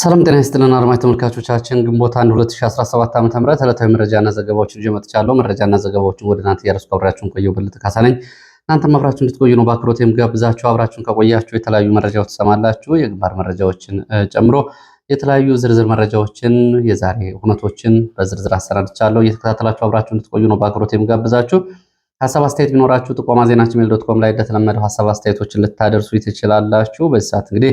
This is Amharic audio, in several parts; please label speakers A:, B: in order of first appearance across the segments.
A: ሰላም ጤና ይስጥልን አድማጭ ተመልካቾቻችን፣ ግንቦት 1 2017 ዓ.ም ዕለታዊ መረጃና ዘገባዎችን ይዤ መጥቻለሁ። መረጃና ዘገባዎችን ወደ እናንተ እያደረስኩ አብራችሁን ቆየው። በልጥ ካሳ ነኝ። እናንተም አብራችሁ እንድትቆዩ ነው በአክብሮት የምጋብዛችሁ። አብራችሁን ከቆያችሁ የተለያዩ መረጃዎች ትሰማላችሁ። የግንባር መረጃዎችን ጨምሮ የተለያዩ ዝርዝር መረጃዎችን፣ የዛሬ ሁነቶችን በዝርዝር አሰናድቻለሁ። እየተከታተላችሁ አብራችሁ እንድትቆዩ ነው በአክብሮት የምጋብዛችሁ። ሀሳብ አስተያየት ቢኖራችሁ ጥቆማ ዜናችን ጂሜል ዶት ኮም ላይ እንደተለመደው ሀሳብ አስተያየቶችን ልታደርሱ ትችላላችሁ። በዚህ ሰዓት እንግዲህ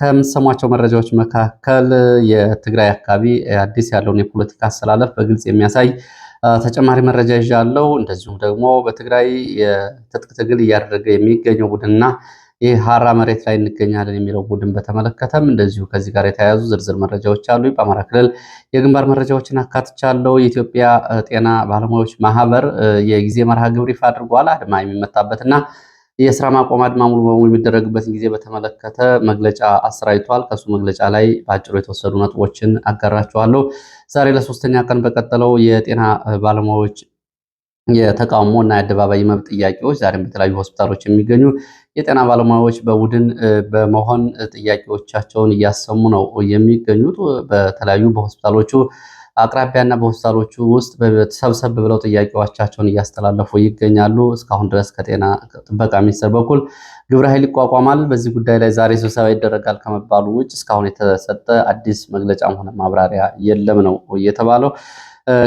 A: ከምትሰሟቸው መረጃዎች መካከል የትግራይ አካባቢ አዲስ ያለውን የፖለቲካ አሰላለፍ በግልጽ የሚያሳይ ተጨማሪ መረጃ ይዣለሁ። እንደዚሁም ደግሞ በትግራይ የትጥቅ ትግል እያደረገ የሚገኘው ቡድንና ይህ ሀራ መሬት ላይ እንገኛለን የሚለው ቡድን በተመለከተም እንደዚሁ ከዚህ ጋር የተያያዙ ዝርዝር መረጃዎች አሉ። በአማራ ክልል የግንባር መረጃዎችን አካትቻለሁ። የኢትዮጵያ ጤና ባለሙያዎች ማህበር የጊዜ መርሃ ግብር ይፋ አድርጓል። አድማ የሚመታበትና የስራ ማቆም አድማ ሙሉ በሙሉ የሚደረግበትን ጊዜ በተመለከተ መግለጫ አሰራጅቷል። ከሱ መግለጫ ላይ በአጭሩ የተወሰዱ ነጥቦችን አጋራችኋለሁ። ዛሬ ለሶስተኛ ቀን በቀጠለው የጤና ባለሙያዎች የተቃውሞ እና የአደባባይ መብት ጥያቄዎች ዛሬም በተለያዩ ሆስፒታሎች የሚገኙ የጤና ባለሙያዎች በቡድን በመሆን ጥያቄዎቻቸውን እያሰሙ ነው የሚገኙት። በተለያዩ በሆስፒታሎቹ አቅራቢያና በሆስፒታሎቹ ውስጥ ሰብሰብ ብለው ጥያቄዎቻቸውን እያስተላለፉ ይገኛሉ። እስካሁን ድረስ ከጤና ጥበቃ ሚኒስቴር በኩል ግብረ ኃይል ይቋቋማል፣ በዚህ ጉዳይ ላይ ዛሬ ስብሰባ ይደረጋል ከመባሉ ውጭ እስካሁን የተሰጠ አዲስ መግለጫም ሆነ ማብራሪያ የለም ነው የተባለው።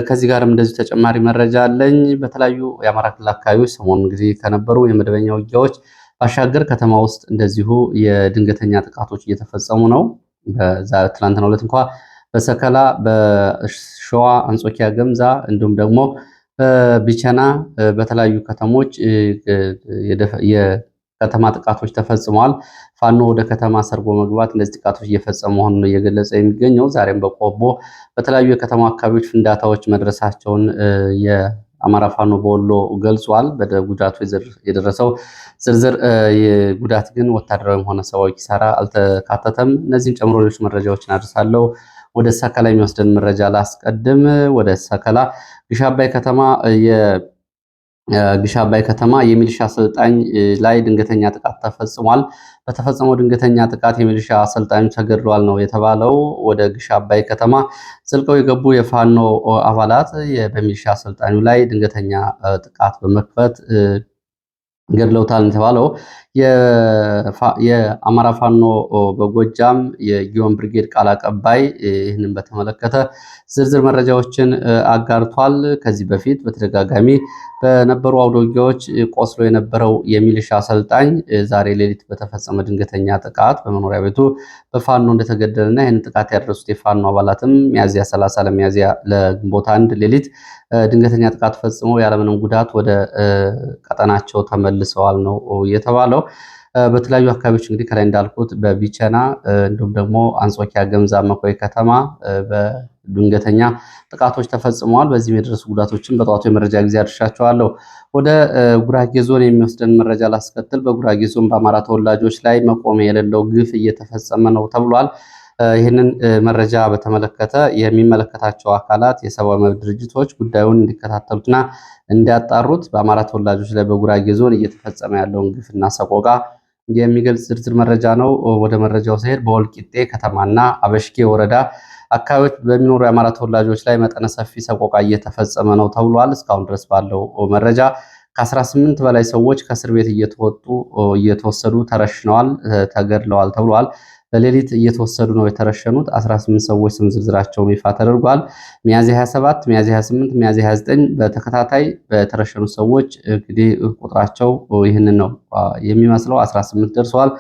A: ከዚህ ጋርም እንደዚሁ ተጨማሪ መረጃ አለኝ። በተለያዩ የአማራ ክልል አካባቢዎች ሰሞኑን ጊዜ ከነበሩ የመደበኛ ውጊያዎች ባሻገር ከተማ ውስጥ እንደዚሁ የድንገተኛ ጥቃቶች እየተፈጸሙ ነው። ትላንትና ሁለት እንኳ በሰከላ በሸዋ አንጾኪያ ገምዛ እንዲሁም ደግሞ በቢቸና በተለያዩ ከተሞች የከተማ ጥቃቶች ተፈጽመዋል። ፋኖ ወደ ከተማ ሰርጎ መግባት እነዚህ ጥቃቶች እየፈጸመ መሆኑን ነው እየገለጸ የሚገኘው። ዛሬም በቆቦ በተለያዩ የከተማ አካባቢዎች ፍንዳታዎች መድረሳቸውን አማራ ፋኖ በወሎ ገልጿል። በጉዳቱ የደረሰው ዝርዝር ጉዳት ግን ወታደራዊም ሆነ ሰብአዊ ኪሳራ አልተካተተም። እነዚህም ጨምሮ ሌሎች መረጃዎችን አድርሳለሁ። ወደ ሰከላ የሚወስደን መረጃ ላስቀድም። ወደ ሰከላ ግሽ አባይ ከተማ ግሽ አባይ ከተማ የሚሊሻ አሰልጣኝ ላይ ድንገተኛ ጥቃት ተፈጽሟል። በተፈጸመው ድንገተኛ ጥቃት የሚሊሻ አሰልጣኙ ተገድሏል ነው የተባለው። ወደ ግሽ አባይ ከተማ ዘልቀው የገቡ የፋኖ አባላት በሚሊሻ አሰልጣኙ ላይ ድንገተኛ ጥቃት በመክፈት ገድለውታል የተባለው የአማራ ፋኖ በጎጃም የጊዮን ብርጌድ ቃል አቀባይ ይህንን በተመለከተ ዝርዝር መረጃዎችን አጋርቷል። ከዚህ በፊት በተደጋጋሚ በነበሩ አውደ ቆስሎ የነበረው የሚሊሻ አሰልጣኝ ዛሬ ሌሊት በተፈጸመ ድንገተኛ ጥቃት በመኖሪያ ቤቱ በፋኖ እንደተገደለና ይህን ጥቃት ያደረሱት የፋኖ አባላትም ሚያዚያ 30 ለሚያዚያ ለግንቦት አንድ ሌሊት ድንገተኛ ጥቃት ፈጽመው ያለምንም ጉዳት ወደ ቀጠናቸው ተመልሰዋል ነው የተባለው። በተለያዩ አካባቢዎች እንግዲህ ከላይ እንዳልኩት በቢቸና እንዲሁም ደግሞ አንጾኪያ፣ ገምዛ፣ መኮይ ከተማ በድንገተኛ ጥቃቶች ተፈጽመዋል። በዚህም የደረሱ ጉዳቶችን በጠዋቱ የመረጃ ጊዜ አድርሻቸዋለሁ። ወደ ጉራጌ ዞን የሚወስደን መረጃ ላስከትል። በጉራጌ ዞን በአማራ ተወላጆች ላይ መቆሚያ የሌለው ግፍ እየተፈጸመ ነው ተብሏል። ይህንን መረጃ በተመለከተ የሚመለከታቸው አካላት የሰብአዊ መብት ድርጅቶች ጉዳዩን እንዲከታተሉትና እንዲያጣሩት በአማራ ተወላጆች ላይ በጉራጌ ዞን እየተፈጸመ ያለውን ግፍና ሰቆቃ የሚገልጽ ዝርዝር መረጃ ነው። ወደ መረጃው ሲሄድ በወልቂጤ ከተማና አበሽጌ ወረዳ አካባቢዎች በሚኖሩ የአማራ ተወላጆች ላይ መጠነ ሰፊ ሰቆቃ እየተፈጸመ ነው ተብሏል። እስካሁን ድረስ ባለው መረጃ ከ18 በላይ ሰዎች ከእስር ቤት እየተወጡ እየተወሰዱ ተረሽነዋል፣ ተገድለዋል ተብሏል። በሌሊት እየተወሰዱ ነው የተረሸኑት። 18 ሰዎች ስም ዝርዝራቸውን ይፋ ተደርጓል። ሚያዝያ 27፣ ሚያዝያ 28፣ ሚያዝያ 29 በተከታታይ በተረሸኑ ሰዎች እንግዲህ ቁጥራቸው ይህንን ነው የሚመስለው። 18 ደርሰዋል።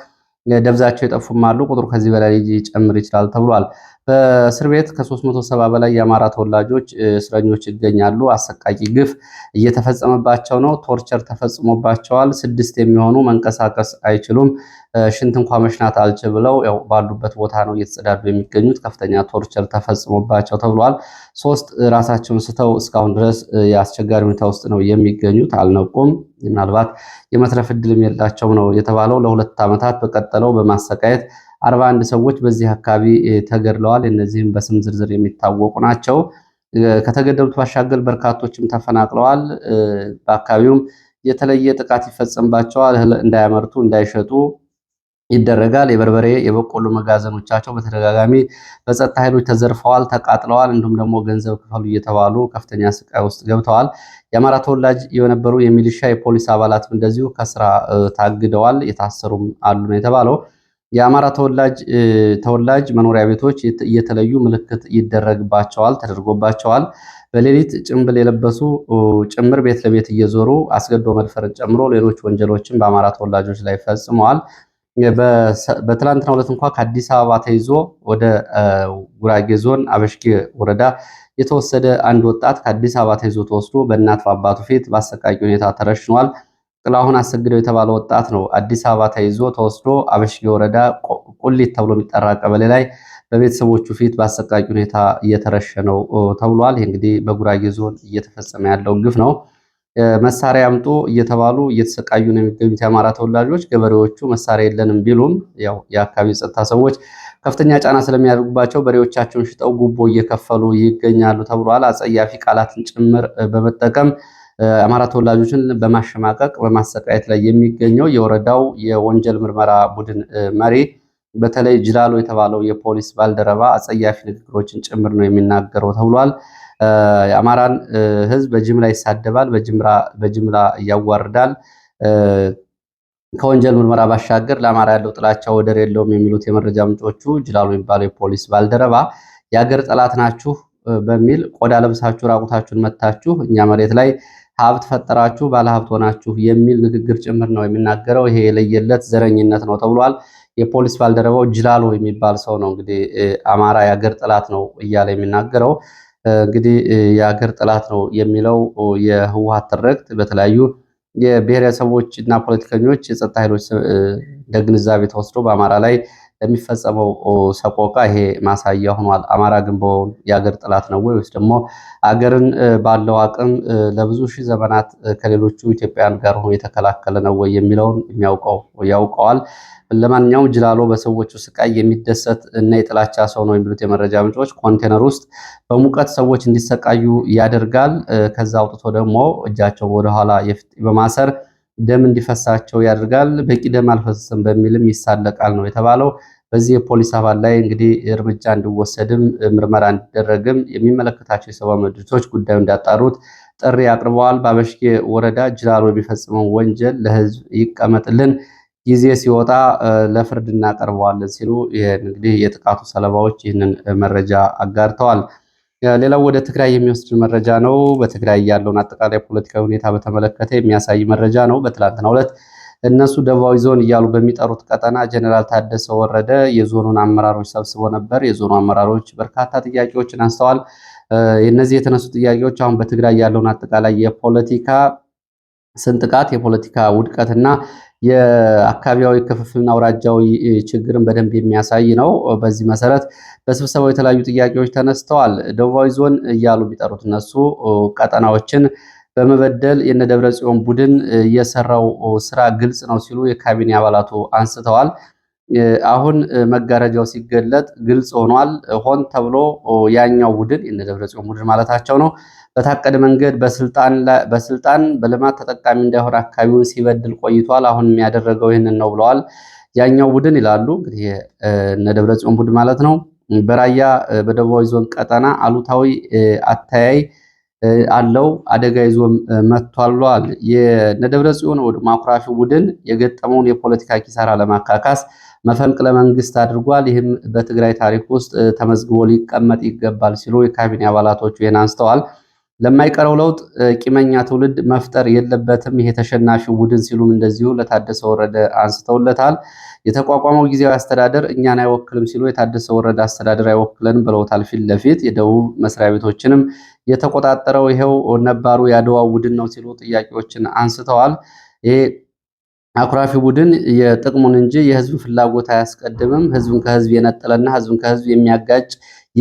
A: ደብዛቸው የጠፉም አሉ። ቁጥሩ ከዚህ በላይ ሊጨምር ይችላል ተብሏል። በእስር ቤት ከ370 በላይ የአማራ ተወላጆች እስረኞች ይገኛሉ። አሰቃቂ ግፍ እየተፈጸመባቸው ነው። ቶርቸር ተፈጽሞባቸዋል። ስድስት የሚሆኑ መንቀሳቀስ አይችሉም። ሽንት እንኳ መሽናት አልች ብለው ባሉበት ቦታ ነው እየተጸዳዱ የሚገኙት። ከፍተኛ ቶርቸር ተፈጽሞባቸው ተብሏል። ሶስት ራሳቸውን ስተው እስካሁን ድረስ የአስቸጋሪ ሁኔታ ውስጥ ነው የሚገኙት። አልነቁም። ምናልባት የመትረፍ እድልም የላቸውም ነው የተባለው። ለሁለት ዓመታት በቀጠለው በማሰቃየት አርባ አንድ ሰዎች በዚህ አካባቢ ተገድለዋል። እነዚህም በስም ዝርዝር የሚታወቁ ናቸው። ከተገደሉት ባሻገር በርካቶችም ተፈናቅለዋል። በአካባቢውም የተለየ ጥቃት ይፈጸምባቸዋል። እህል እንዳያመርቱ እንዳይሸጡ ይደረጋል። የበርበሬ የበቆሎ መጋዘኖቻቸው በተደጋጋሚ በጸጥታ ኃይሎች ተዘርፈዋል፣ ተቃጥለዋል። እንዲሁም ደግሞ ገንዘብ ክፈሉ እየተባሉ ከፍተኛ ስቃይ ውስጥ ገብተዋል። የአማራ ተወላጅ የነበሩ የሚሊሻ የፖሊስ አባላትም እንደዚሁ ከስራ ታግደዋል፣ የታሰሩም አሉ ነው የተባለው። የአማራ ተወላጅ ተወላጅ መኖሪያ ቤቶች የተለዩ ምልክት ይደረግባቸዋል ተደርጎባቸዋል። በሌሊት ጭምብል የለበሱ ጭምር ቤት ለቤት እየዞሩ አስገድዶ መድፈርን ጨምሮ ሌሎች ወንጀሎችን በአማራ ተወላጆች ላይ ፈጽመዋል። በትላንትና ዕለት እንኳ ከአዲስ አበባ ተይዞ ወደ ጉራጌ ዞን አበሽጌ ወረዳ የተወሰደ አንድ ወጣት ከአዲስ አበባ ተይዞ ተወስዶ በእናት አባቱ ፊት በአሰቃቂ ሁኔታ ተረሽኗል። ጥላሁን አሰግደው የተባለ ወጣት ነው አዲስ አበባ ተይዞ ተወስዶ አበሽጌ ወረዳ ቁሊት ተብሎ የሚጠራ ቀበሌ ላይ በቤተሰቦቹ ፊት በአሰቃቂ ሁኔታ እየተረሸ ነው ተብሏል። ይህ እንግዲህ በጉራጌ ዞን እየተፈጸመ ያለው ግፍ ነው። መሳሪያ አምጡ እየተባሉ እየተሰቃዩ ነው የሚገኙት የአማራ ተወላጆች። ገበሬዎቹ መሳሪያ የለንም ቢሉም ያው የአካባቢ የጸጥታ ሰዎች ከፍተኛ ጫና ስለሚያደርጉባቸው በሬዎቻቸውን ሽጠው ጉቦ እየከፈሉ ይገኛሉ ተብሏል። አጸያፊ ቃላትን ጭምር በመጠቀም አማራ ተወላጆችን በማሸማቀቅ በማሰቃየት ላይ የሚገኘው የወረዳው የወንጀል ምርመራ ቡድን መሪ በተለይ ጅላሎ የተባለው የፖሊስ ባልደረባ አጸያፊ ንግግሮችን ጭምር ነው የሚናገረው ተብሏል። የአማራን ሕዝብ በጅምላ ይሳደባል፣ በጅምላ እያዋርዳል። ከወንጀል ምርመራ ባሻገር ለአማራ ያለው ጥላቻ ወደር የለውም የሚሉት የመረጃ ምንጮቹ ጅላሎ የሚባለው የፖሊስ ባልደረባ የሀገር ጠላት ናችሁ በሚል ቆዳ ለብሳችሁ ራቁታችሁን መታችሁ እኛ መሬት ላይ ሀብት ፈጠራችሁ ባለሀብት ሆናችሁ የሚል ንግግር ጭምር ነው የሚናገረው። ይሄ የለየለት ዘረኝነት ነው ተብሏል። የፖሊስ ባልደረባው ጅላሎ የሚባል ሰው ነው እንግዲህ አማራ የአገር ጥላት ነው እያለ የሚናገረው። እንግዲህ የአገር ጥላት ነው የሚለው የህወሀት ትርክት በተለያዩ የብሔረሰቦች እና ፖለቲከኞች የጸጥታ ኃይሎች እንደ ግንዛቤ ተወስዶ በአማራ ላይ ለሚፈጸመው ሰቆቃ ይሄ ማሳያ ሆኗል። አማራ ግንባውን የአገር ጥላት ነው ወይስ ደግሞ አገርን ባለው አቅም ለብዙ ሺህ ዘመናት ከሌሎቹ ኢትዮጵያውያን ጋር ሆኖ የተከላከለ ነው ወይ የሚለውን የሚያውቀው ያውቀዋል። ለማንኛውም ጅላሎ በሰዎቹ ስቃይ የሚደሰት እና የጥላቻ ሰው ነው የሚሉት የመረጃ ምንጮች፣ ኮንቴነር ውስጥ በሙቀት ሰዎች እንዲሰቃዩ ያደርጋል። ከዛ አውጥቶ ደግሞ እጃቸውን ወደኋላ በማሰር ደም እንዲፈሳቸው ያደርጋል። በቂ ደም አልፈሰሰም በሚልም ይሳለቃል ነው የተባለው። በዚህ የፖሊስ አባል ላይ እንግዲህ እርምጃ እንዲወሰድም ምርመራ እንዲደረግም የሚመለከታቸው የሰብአዊ መብት ድርጅቶች ጉዳዩ እንዳጣሩት ጥሪ አቅርበዋል። በአበሽጌ ወረዳ ጅራሮ የሚፈጽመው ወንጀል ለህዝብ ይቀመጥልን፣ ጊዜ ሲወጣ ለፍርድ እናቀርበዋለን ሲሉ እንግዲህ የጥቃቱ ሰለባዎች ይህንን መረጃ አጋርተዋል። ሌላው ወደ ትግራይ የሚወስድ መረጃ ነው። በትግራይ ያለውን አጠቃላይ ፖለቲካዊ ሁኔታ በተመለከተ የሚያሳይ መረጃ ነው። በትላንትናው ዕለት እነሱ ደቡባዊ ዞን እያሉ በሚጠሩት ቀጠና ጀኔራል ታደሰ ወረደ የዞኑን አመራሮች ሰብስቦ ነበር። የዞኑ አመራሮች በርካታ ጥያቄዎችን አንስተዋል። እነዚህ የተነሱ ጥያቄዎች አሁን በትግራይ ያለውን አጠቃላይ የፖለቲካ ስንጥቃት፣ የፖለቲካ ውድቀትና የአካባቢያዊ ክፍፍልና አውራጃዊ ችግርን በደንብ የሚያሳይ ነው። በዚህ መሰረት በስብሰባው የተለያዩ ጥያቄዎች ተነስተዋል። ደቡባዊ ዞን እያሉ ቢጠሩት እነሱ ቀጠናዎችን በመበደል የነደብረ ጽዮን ቡድን የሰራው ስራ ግልጽ ነው ሲሉ የካቢኔ አባላቱ አንስተዋል። አሁን መጋረጃው ሲገለጥ ግልጽ ሆኗል። ሆን ተብሎ ያኛው ቡድን የነ ጽዮን ቡድን ማለታቸው ነው በታቀደ መንገድ በስልጣን በልማት ተጠቃሚ እንዳይሆን አካባቢውን ሲበድል ቆይቷል። አሁን የሚያደረገው ይህንን ነው ብለዋል። ያኛው ቡድን ይላሉ እንግዲህ እነ ጽዮን ቡድን ማለት ነው። በራያ በደቡባዊ ዞን ቀጠና አሉታዊ አተያይ አለው አደጋ ይዞ መጥቷል። የነደብረ ጽዮን ወደ ማኩራፊ ቡድን የገጠመውን የፖለቲካ ኪሳራ ለማካካስ መፈንቅለ መንግስት አድርጓል። ይህም በትግራይ ታሪክ ውስጥ ተመዝግቦ ሊቀመጥ ይገባል ሲሉ የካቢኔ አባላቶቹ ይህን አንስተዋል። ለማይቀረው ለውጥ ቂመኛ ትውልድ መፍጠር የለበትም ይሄ ተሸናፊ ቡድን ሲሉም እንደዚሁ ለታደሰ ወረደ አንስተውለታል። የተቋቋመው ጊዜያዊ አስተዳደር እኛን አይወክልም ሲሉ የታደሰ ወረደ አስተዳደር አይወክለንም ብለውታል። ፊት ለፊት የደቡብ መስሪያ ቤቶችንም የተቆጣጠረው ይሄው ነባሩ የአድዋው ቡድን ነው ሲሉ ጥያቄዎችን አንስተዋል። ይሄ አኩራፊ ቡድን የጥቅሙን እንጂ የህዝብን ፍላጎት አያስቀድምም። ህዝብን ከህዝብ የነጠለና ህዝብን ከህዝብ የሚያጋጭ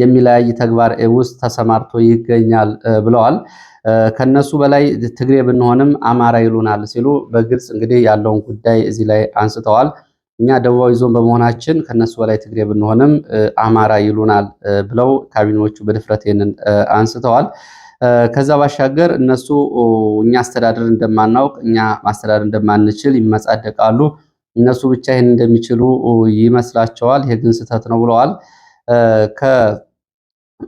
A: የሚለያይ ተግባር ውስጥ ተሰማርቶ ይገኛል ብለዋል። ከነሱ በላይ ትግሬ ብንሆንም አማራ ይሉናል ሲሉ በግልጽ እንግዲህ ያለውን ጉዳይ እዚህ ላይ አንስተዋል። እኛ ደቡባዊ ዞን በመሆናችን ከነሱ በላይ ትግሬ ብንሆንም አማራ ይሉናል ብለው ካቢኔዎቹ በድፍረት ይህንን አንስተዋል። ከዛ ባሻገር እነሱ እኛ አስተዳደር እንደማናውቅ እኛ ማስተዳደር እንደማንችል ይመጻደቃሉ። እነሱ ብቻ ይህን እንደሚችሉ ይመስላቸዋል። ይሄ ግን ስህተት ነው ብለዋል።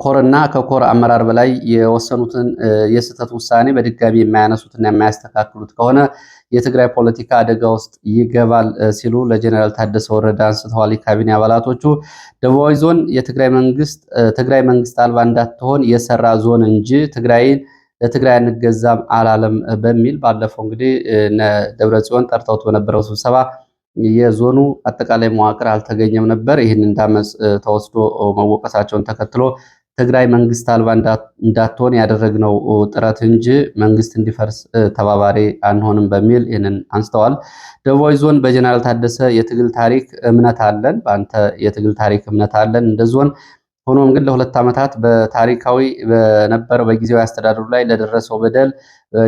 A: ኮርና ከኮር አመራር በላይ የወሰኑትን የስህተት ውሳኔ በድጋሚ የማያነሱትና የማያስተካክሉት ከሆነ የትግራይ ፖለቲካ አደጋ ውስጥ ይገባል ሲሉ ለጀኔራል ታደሰ ወረደ አንስተዋል። የካቢኔ አባላቶቹ ደቡባዊ ዞን የትግራይ መንግስት ትግራይ መንግስት አልባ እንዳትሆን የሰራ ዞን እንጂ ትግራይን ለትግራይ አንገዛም አላለም በሚል ባለፈው እንግዲህ ደብረ ጽዮን ጠርተውት በነበረው ስብሰባ የዞኑ አጠቃላይ መዋቅር አልተገኘም ነበር። ይህን እንዳመፅ ተወስዶ መወቀሳቸውን ተከትሎ ትግራይ መንግስት አልባ እንዳትሆን ያደረግነው ጥረት እንጂ መንግስት እንዲፈርስ ተባባሪ አንሆንም በሚል ይህንን አንስተዋል። ደቡባዊ ዞን በጀነራል ታደሰ የትግል ታሪክ እምነት አለን፣ በአንተ የትግል ታሪክ እምነት አለን እንደ ዞን። ሆኖም ግን ለሁለት ዓመታት በታሪካዊ በነበረው በጊዜያዊ አስተዳደሩ ላይ ለደረሰው በደል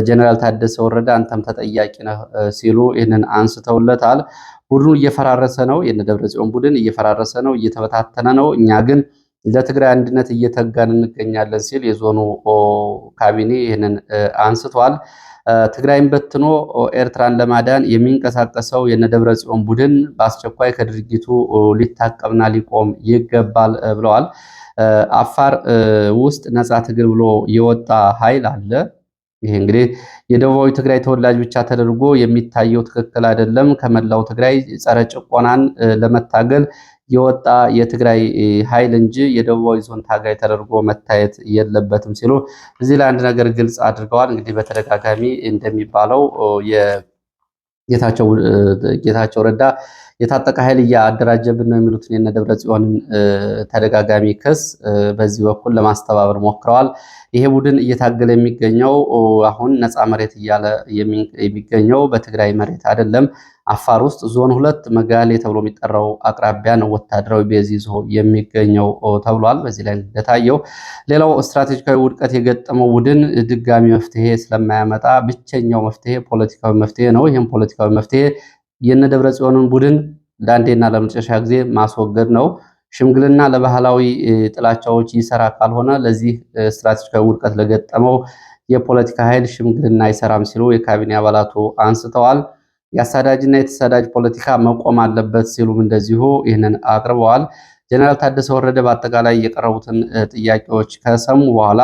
A: ጀነራል ታደሰ ወረደ አንተም ተጠያቂ ነህ ሲሉ ይህንን አንስተውለታል። ቡድኑ እየፈራረሰ ነው፣ የነ ደብረጽዮን ቡድን እየፈራረሰ ነው፣ እየተበታተነ ነው። እኛ ግን ለትግራይ አንድነት እየተጋን እንገኛለን ሲል የዞኑ ካቢኔ ይህንን አንስቷል። ትግራይን በትኖ ኤርትራን ለማዳን የሚንቀሳቀሰው የነደብረ ጽዮን ቡድን በአስቸኳይ ከድርጊቱ ሊታቀብና ሊቆም ይገባል ብለዋል። አፋር ውስጥ ነፃ ትግል ብሎ የወጣ ኃይል አለ። ይሄ እንግዲህ የደቡባዊ ትግራይ ተወላጅ ብቻ ተደርጎ የሚታየው ትክክል አይደለም። ከመላው ትግራይ ጸረ ጭቆናን ለመታገል የወጣ የትግራይ ኃይል እንጂ የደቡባዊ ዞን ታጋይ ተደርጎ መታየት የለበትም ሲሉ እዚህ ላይ አንድ ነገር ግልጽ አድርገዋል። እንግዲህ በተደጋጋሚ እንደሚባለው ጌታቸው ረዳ የታጠቀ ኃይል እያደራጀብን ነው የሚሉትን የነ ደብረ ጽዮንን ተደጋጋሚ ክስ በዚህ በኩል ለማስተባበር ሞክረዋል። ይሄ ቡድን እየታገለ የሚገኘው አሁን ነፃ መሬት እያለ የሚገኘው በትግራይ መሬት አይደለም፣ አፋር ውስጥ ዞን ሁለት መጋሌ ተብሎ የሚጠራው አቅራቢያ ነው ወታደራዊ ቤዝ ይዞ የሚገኘው ተብሏል። በዚህ ላይ እንደታየው ሌላው ስትራቴጂካዊ ውድቀት የገጠመው ቡድን ድጋሚ መፍትሄ ስለማያመጣ ብቸኛው መፍትሄ ፖለቲካዊ መፍትሄ ነው። ይህም ፖለቲካዊ መፍትሄ የነ ደብረ ጽዮንን ቡድን ለአንዴና ለመጨረሻ ጊዜ ማስወገድ ነው። ሽምግልና ለባህላዊ ጥላቻዎች ይሰራ ካልሆነ ለዚህ ስትራቴጂካዊ ውድቀት ለገጠመው የፖለቲካ ኃይል ሽምግልና አይሰራም ሲሉ የካቢኔ አባላቱ አንስተዋል። የአሳዳጅና የተሳዳጅ ፖለቲካ መቆም አለበት ሲሉም እንደዚሁ ይህንን አቅርበዋል። ጀነራል ታደሰ ወረደ በአጠቃላይ የቀረቡትን ጥያቄዎች ከሰሙ በኋላ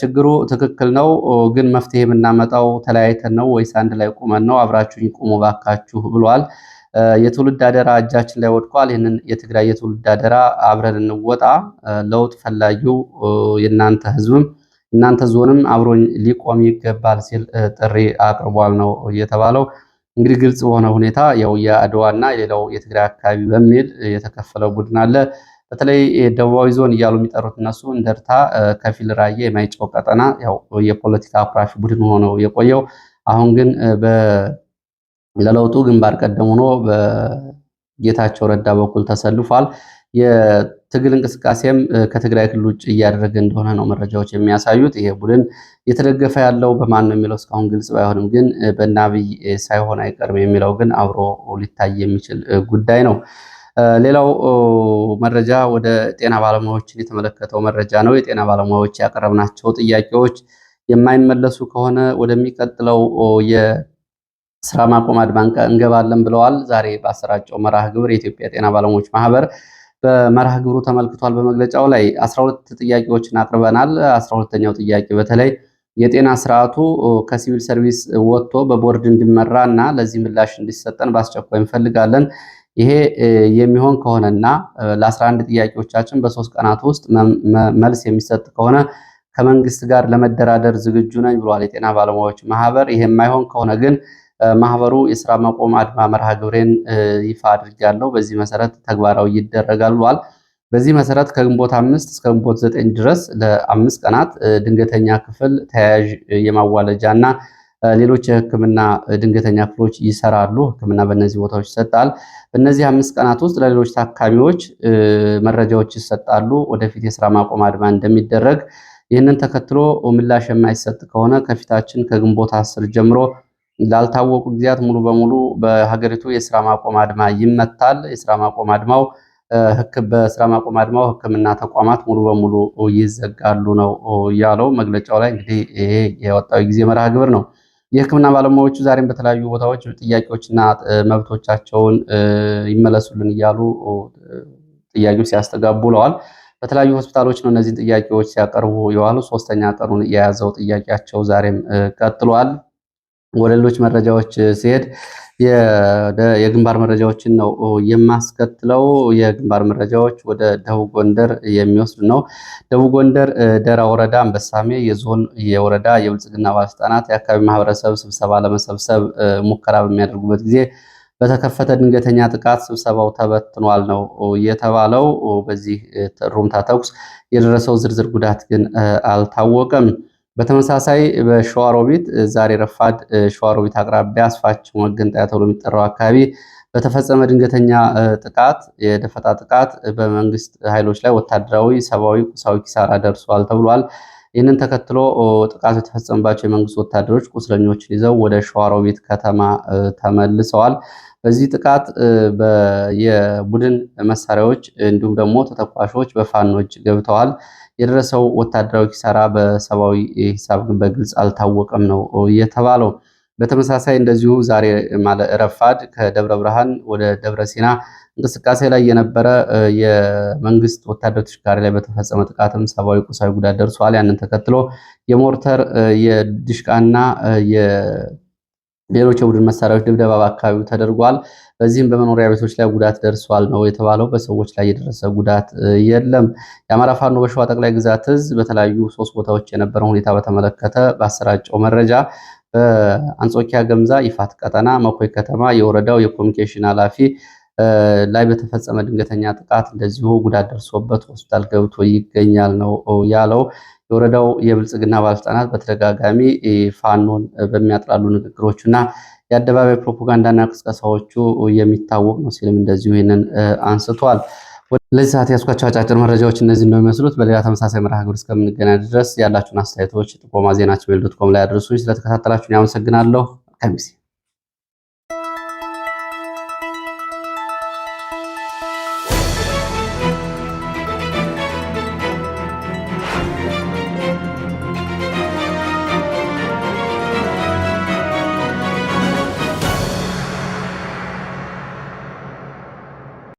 A: ችግሩ ትክክል ነው፣ ግን መፍትሄ የምናመጣው ተለያይተን ነው ወይስ አንድ ላይ ቁመን ነው? አብራችሁኝ ቁሙ ባካችሁ ብሏል። የትውልድ አደራ እጃችን ላይ ወድቋል። ይህንን የትግራይ የትውልድ አደራ አብረን እንወጣ። ለውጥ ፈላጊው የእናንተ ህዝብም እናንተ ዞንም አብሮኝ ሊቆም ይገባል ሲል ጥሪ አቅርቧል ነው የተባለው። እንግዲህ ግልጽ በሆነ ሁኔታ ያው የአድዋና የሌላው የትግራይ አካባቢ በሚል የተከፈለ ቡድን አለ። በተለይ ደቡባዊ ዞን እያሉ የሚጠሩት እነሱ እንደርታ፣ ከፊል ራያ፣ የማይጨው ቀጠና ያው የፖለቲካ አኩራፊ ቡድን ሆነው የቆየው አሁን ግን ለለውጡ ግንባር ቀደም ሆኖ በጌታቸው ረዳ በኩል ተሰልፏል። የትግል እንቅስቃሴም ከትግራይ ክልል ውጭ እያደረገ እንደሆነ ነው መረጃዎች የሚያሳዩት። ይሄ ቡድን እየተደገፈ ያለው በማን ነው የሚለው እስካሁን ግልጽ ባይሆንም ግን በእነ ሳይሆን አይቀርም የሚለው ግን አብሮ ሊታይ የሚችል ጉዳይ ነው። ሌላው መረጃ ወደ ጤና ባለሙያዎችን የተመለከተው መረጃ ነው። የጤና ባለሙያዎች ያቀረብናቸው ጥያቄዎች የማይመለሱ ከሆነ ወደሚቀጥለው ስራ ማቆም አድማ እንገባለን ብለዋል። ዛሬ በአሰራጨው መርሃ ግብር የኢትዮጵያ ጤና ባለሙያዎች ማህበር በመርሃ ግብሩ ተመልክቷል። በመግለጫው ላይ 12 ጥያቄዎችን አቅርበናል። 12 ሁለተኛው ጥያቄ በተለይ የጤና ስርዓቱ ከሲቪል ሰርቪስ ወጥቶ በቦርድ እንዲመራ እና ለዚህ ምላሽ እንዲሰጠን በአስቸኳይ እንፈልጋለን። ይሄ የሚሆን ከሆነና ለ11 ጥያቄዎቻችን በሶስት ቀናት ውስጥ መልስ የሚሰጥ ከሆነ ከመንግስት ጋር ለመደራደር ዝግጁ ነኝ ብሏል የጤና ባለሙያዎች ማህበር። ይሄ የማይሆን ከሆነ ግን ማህበሩ የስራ ማቆም አድማ መርሃ ግብሬን ይፋ አድርጋለሁ። በዚህ መሰረት ተግባራዊ ይደረጋል ብሏል። በዚህ መሰረት ከግንቦት አምስት እስከ ግንቦት ዘጠኝ ድረስ ለአምስት ቀናት ድንገተኛ ክፍል ተያያዥ የማዋለጃ እና ሌሎች የህክምና ድንገተኛ ክፍሎች ይሰራሉ። ህክምና በእነዚህ ቦታዎች ይሰጣል። በእነዚህ አምስት ቀናት ውስጥ ለሌሎች ታካሚዎች መረጃዎች ይሰጣሉ። ወደፊት የስራ ማቆም አድማ እንደሚደረግ ይህንን ተከትሎ ምላሽ የማይሰጥ ከሆነ ከፊታችን ከግንቦት አስር ጀምሮ ላልታወቁ ጊዜያት ሙሉ በሙሉ በሀገሪቱ የስራ ማቆም አድማ ይመታል። የስራ ማቆም አድማው በስራ ማቆም አድማው ህክምና ተቋማት ሙሉ በሙሉ ይዘጋሉ ነው ያለው መግለጫው ላይ። እንግዲህ ይሄ የወጣው ጊዜ መርሃ ግብር ነው። የህክምና ባለሙያዎቹ ዛሬም በተለያዩ ቦታዎች ጥያቄዎችና መብቶቻቸውን ይመለሱልን እያሉ ጥያቄው ሲያስተጋቡ ለዋል። በተለያዩ ሆስፒታሎች ነው እነዚህን ጥያቄዎች ሲያቀርቡ የዋሉ። ሶስተኛ ቀኑን የያዘው ጥያቄያቸው ዛሬም ቀጥሏል። ወደ ሌሎች መረጃዎች ሲሄድ የግንባር መረጃዎችን ነው የማስከትለው። የግንባር መረጃዎች ወደ ደቡብ ጎንደር የሚወስድ ነው። ደቡብ ጎንደር ደራ ወረዳ አንበሳሜ የዞን የወረዳ የብልጽግና ባለስልጣናት የአካባቢ ማህበረሰብ ስብሰባ ለመሰብሰብ ሙከራ በሚያደርጉበት ጊዜ በተከፈተ ድንገተኛ ጥቃት ስብሰባው ተበትኗል ነው የተባለው። በዚህ ሩምታ ተኩስ የደረሰው ዝርዝር ጉዳት ግን አልታወቀም። በተመሳሳይ በሸዋሮቢት ዛሬ ረፋድ ሸዋሮቢት አቅራቢያ አስፋች መገንጠያ ተብሎ የሚጠራው አካባቢ በተፈጸመ ድንገተኛ ጥቃት የደፈጣ ጥቃት በመንግስት ኃይሎች ላይ ወታደራዊ፣ ሰብአዊ፣ ቁሳዊ ኪሳራ ደርሷል ተብሏል። ይህንን ተከትሎ ጥቃቱ የተፈጸመባቸው የመንግስት ወታደሮች ቁስለኞችን ይዘው ወደ ሸዋሮቢት ከተማ ተመልሰዋል። በዚህ ጥቃት የቡድን መሳሪያዎች እንዲሁም ደግሞ ተተኳሾች በፋኖች ገብተዋል። የደረሰው ወታደራዊ ኪሳራ በሰብአዊ ሂሳብ ግን በግልጽ አልታወቀም ነው የተባለው። በተመሳሳይ እንደዚሁ ዛሬ ረፋድ ከደብረ ብርሃን ወደ ደብረ ሲና እንቅስቃሴ ላይ የነበረ የመንግስት ወታደር ተሽከርካሪ ላይ በተፈጸመ ጥቃትም ሰብአዊ፣ ቁሳዊ ጉዳት ደርሷል። ያንን ተከትሎ የሞርተር የድሽቃና ሌሎች የቡድን መሳሪያዎች ድብደባ በአካባቢው ተደርጓል። በዚህም በመኖሪያ ቤቶች ላይ ጉዳት ደርሷል ነው የተባለው። በሰዎች ላይ የደረሰ ጉዳት የለም። የአማራ ፋኖ በሸዋ ጠቅላይ ግዛት እዝ በተለያዩ ሶስት ቦታዎች የነበረው ሁኔታ በተመለከተ በአሰራጨው መረጃ በአንጾኪያ ገምዛ፣ ይፋት ቀጠና፣ መኮይ ከተማ የወረዳው የኮሚኒኬሽን ኃላፊ ላይ በተፈጸመ ድንገተኛ ጥቃት እንደዚሁ ጉዳት ደርሶበት ሆስፒታል ገብቶ ይገኛል ነው ያለው። የወረዳው የብልጽግና ባለስልጣናት በተደጋጋሚ ፋኖን በሚያጥላሉ ንግግሮቹ እና የአደባባይ ፕሮፓጋንዳና ቅስቀሳዎቹ የሚታወቅ ነው ሲልም እንደዚሁ ይህንን አንስቷል። ለዚህ ሰዓት ያስኳቸው አጫጭር መረጃዎች እነዚህ ነው የሚመስሉት። በሌላ ተመሳሳይ መርሃ ግብር እስከምንገናኝ ድረስ ያላችሁን አስተያየቶች ጥቆማ፣ ዜናችን ሜል ዶት ኮም ላይ አድርሱኝ። ስለተከታተላችሁን ያመሰግናለሁ። ከሚሴ